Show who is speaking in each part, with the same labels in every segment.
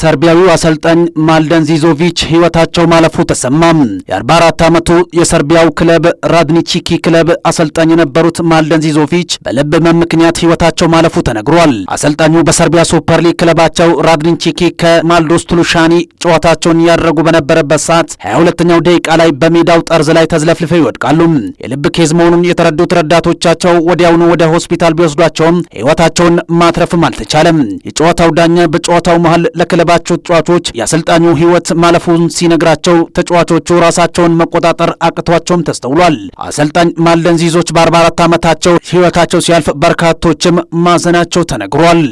Speaker 1: ሰርቢያዊው አሰልጣኝ ማልደን ዚዞቪች ሕይወታቸው ማለፉ ተሰማም። የ44 ዓመቱ የሰርቢያው ክለብ ራድኒቺኪ ክለብ አሰልጣኝ የነበሩት ማልደን ዚዞቪች በልብ ሕመም ምክንያት ሕይወታቸው ማለፉ ተነግሯል። አሰልጣኙ በሰርቢያ ሱፐር ሊግ ክለባቸው ራድኒቺኪ ከማልዶስ ቱሉሻኒ ጨዋታቸውን እያደረጉ በነበረበት ሰዓት 22ኛው ደቂቃ ላይ በሜዳው ጠርዝ ላይ ተዝለፍልፈው ይወድቃሉ። የልብ ኬዝ መሆኑን የተረዱት ረዳቶቻቸው ወዲያውኑ ወደ ሆስፒታል ቢወስዷቸውም ሕይወታቸውን ማትረፍም አልተቻለም። የጨዋታው ዳኛ በጨዋታው መሃል ለክለ ያለባቸው ተጫዋቾች የአሰልጣኙ ሕይወት ማለፉን ሲነግራቸው ተጫዋቾቹ ራሳቸውን መቆጣጠር አቅቷቸውም ተስተውሏል። አሰልጣኝ ማለን ዚዞች በ44 ዓመታቸው ሕይወታቸው ሲያልፍ በርካቶችም ማዘናቸው ተነግሯል።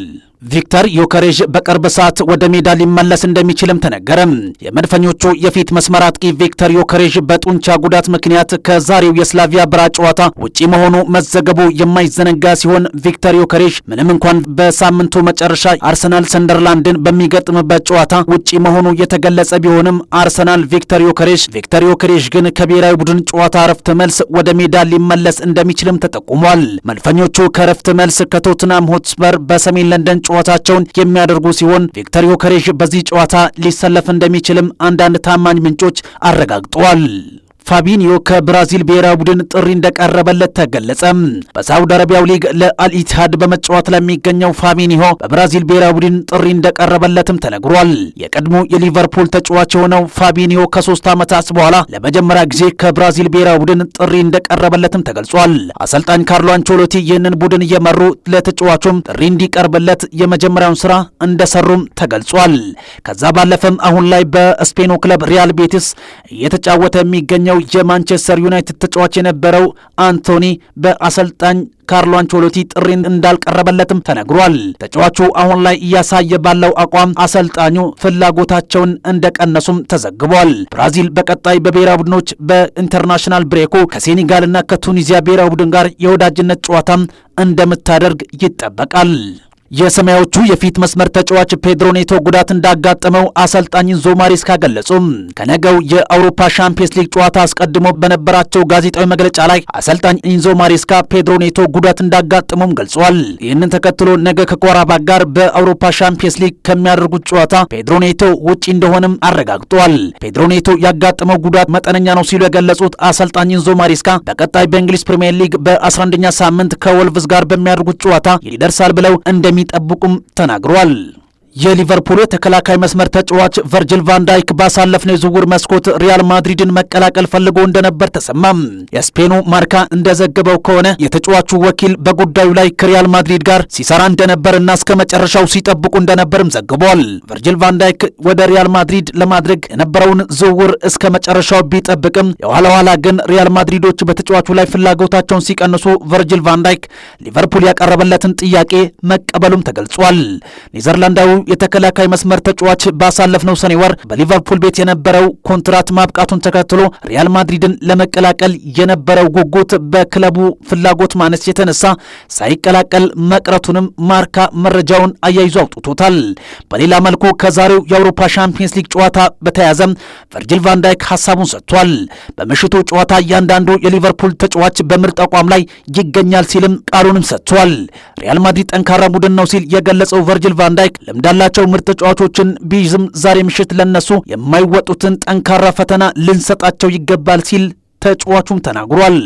Speaker 1: ቪክተር ዮከሬዥ በቅርብ ሰዓት ወደ ሜዳ ሊመለስ እንደሚችልም ተነገረም። የመድፈኞቹ የፊት መስመር አጥቂ ቪክተር ዮከሬዥ በጡንቻ ጉዳት ምክንያት ከዛሬው የስላቪያ ብራ ጨዋታ ውጪ መሆኑ መዘገቡ የማይዘነጋ ሲሆን ቪክተር ዮከሬዥ ምንም እንኳን በሳምንቱ መጨረሻ አርሰናል ሰንደርላንድን በሚገጥምበት ጨዋታ ውጪ መሆኑ የተገለጸ ቢሆንም አርሰናል ቪክተር ዮከሬዥ ቪክተር ዮከሬዥ ግን ከብሔራዊ ቡድን ጨዋታ ረፍት መልስ ወደ ሜዳ ሊመለስ እንደሚችልም ተጠቁሟል። መድፈኞቹ ከረፍት መልስ ከቶትናም ሆትስፐር በሰሜን ለንደን ጨዋታቸውን የሚያደርጉ ሲሆን ቪክተር ዮከሬሽ በዚህ ጨዋታ ሊሰለፍ እንደሚችልም አንዳንድ ታማኝ ምንጮች አረጋግጠዋል። ፋቢኒዮ ከብራዚል ብሔራዊ ቡድን ጥሪ እንደቀረበለት ተገለጸ። በሳውዲ አረቢያው ሊግ ለአልኢትሃድ በመጫወት ለሚገኘው ፋቢኒሆ በብራዚል ብሔራዊ ቡድን ጥሪ እንደቀረበለትም ተነግሯል። የቀድሞ የሊቨርፑል ተጫዋች የሆነው ፋቢኒዮ ከሶስት ዓመታት በኋላ ለመጀመሪያ ጊዜ ከብራዚል ብሔራዊ ቡድን ጥሪ እንደቀረበለትም ተገልጿል። አሰልጣኝ ካርሎ አንቾሎቲ ይህንን ቡድን እየመሩ ለተጫዋቹም ጥሪ እንዲቀርብለት የመጀመሪያውን ስራ እንደሰሩም ተገልጿል። ከዛ ባለፈም አሁን ላይ በስፔኑ ክለብ ሪያል ቤቲስ እየተጫወተ የሚገኘው ሌላው የማንቸስተር ዩናይትድ ተጫዋች የነበረው አንቶኒ በአሰልጣኝ ካርሎ አንቾሎቲ ጥሪ እንዳልቀረበለትም ተነግሯል። ተጫዋቹ አሁን ላይ እያሳየ ባለው አቋም አሰልጣኙ ፍላጎታቸውን እንደቀነሱም ተዘግቧል። ብራዚል በቀጣይ በብሔራዊ ቡድኖች በኢንተርናሽናል ብሬኩ ከሴኔጋልና ከቱኒዚያ ብሔራዊ ቡድን ጋር የወዳጅነት ጨዋታም እንደምታደርግ ይጠበቃል። የሰማያዎቹ የፊት መስመር ተጫዋች ፔድሮ ኔቶ ጉዳት እንዳጋጠመው አሰልጣኝ ኢንዞ ማሬስካ ገለጹም። ከነገው የአውሮፓ ሻምፒየንስ ሊግ ጨዋታ አስቀድሞ በነበራቸው ጋዜጣዊ መግለጫ ላይ አሰልጣኝ ኢንዞ ማሬስካ ፔድሮ ኔቶ ጉዳት እንዳጋጠመውም ገልጿል። ይህንን ተከትሎ ነገ ከኮራባ ጋር በአውሮፓ ሻምፒየንስ ሊግ ከሚያደርጉት ጨዋታ ፔድሮ ኔቶ ውጪ እንደሆነም አረጋግጧል። ፔድሮ ኔቶ ያጋጠመው ጉዳት መጠነኛ ነው ሲሉ የገለጹት አሰልጣኝ ኢንዞ ማሬስካ በቀጣይ በእንግሊዝ ፕሪምየር ሊግ በ11ኛ ሳምንት ከወልቭዝ ጋር በሚያደርጉት ጨዋታ ይደርሳል ብለው እንደ እንደሚጠብቁም ተናግሯል። የሊቨርፑል የተከላካይ መስመር ተጫዋች ቨርጅል ቫንዳይክ ባሳለፍነው የዝውውር መስኮት ሪያል ማድሪድን መቀላቀል ፈልጎ እንደነበር ተሰማም። የስፔኑ ማርካ እንደዘገበው ከሆነ የተጫዋቹ ወኪል በጉዳዩ ላይ ከሪያል ማድሪድ ጋር ሲሰራ እንደነበር እና እስከ መጨረሻው ሲጠብቁ እንደነበርም ዘግቧል። ቨርጅል ቫንዳይክ ወደ ሪያል ማድሪድ ለማድረግ የነበረውን ዝውውር እስከ መጨረሻው ቢጠብቅም የኋላ ኋላ ግን ሪያል ማድሪዶች በተጫዋቹ ላይ ፍላጎታቸውን ሲቀንሱ ቨርጅል ቫንዳይክ ሊቨርፑል ያቀረበለትን ጥያቄ መቀበሉም ተገልጿል። ኔዘርላንዳዊ የተከላካይ መስመር ተጫዋች ባሳለፍነው ሰኔ ወር በሊቨርፑል ቤት የነበረው ኮንትራት ማብቃቱን ተከትሎ ሪያል ማድሪድን ለመቀላቀል የነበረው ጉጉት በክለቡ ፍላጎት ማነስ የተነሳ ሳይቀላቀል መቅረቱንም ማርካ መረጃውን አያይዞ አውጥቶታል። በሌላ መልኩ ከዛሬው የአውሮፓ ሻምፒየንስ ሊግ ጨዋታ በተያያዘም ቨርጂል ቫንዳይክ ሀሳቡን ሰጥቷል። በምሽቱ ጨዋታ እያንዳንዱ የሊቨርፑል ተጫዋች በምርጥ አቋም ላይ ይገኛል ሲልም ቃሉንም ሰጥቷል። ሪያል ማድሪድ ጠንካራ ቡድን ነው ሲል የገለጸው ቨርጅል ቫንዳይክ ልምዳ ያላቸው ምርጥ ተጫዋቾችን ቢይዝም ዛሬ ምሽት ለነሱ የማይወጡትን ጠንካራ ፈተና ልንሰጣቸው ይገባል ሲል ተጫዋቹም ተናግሯል።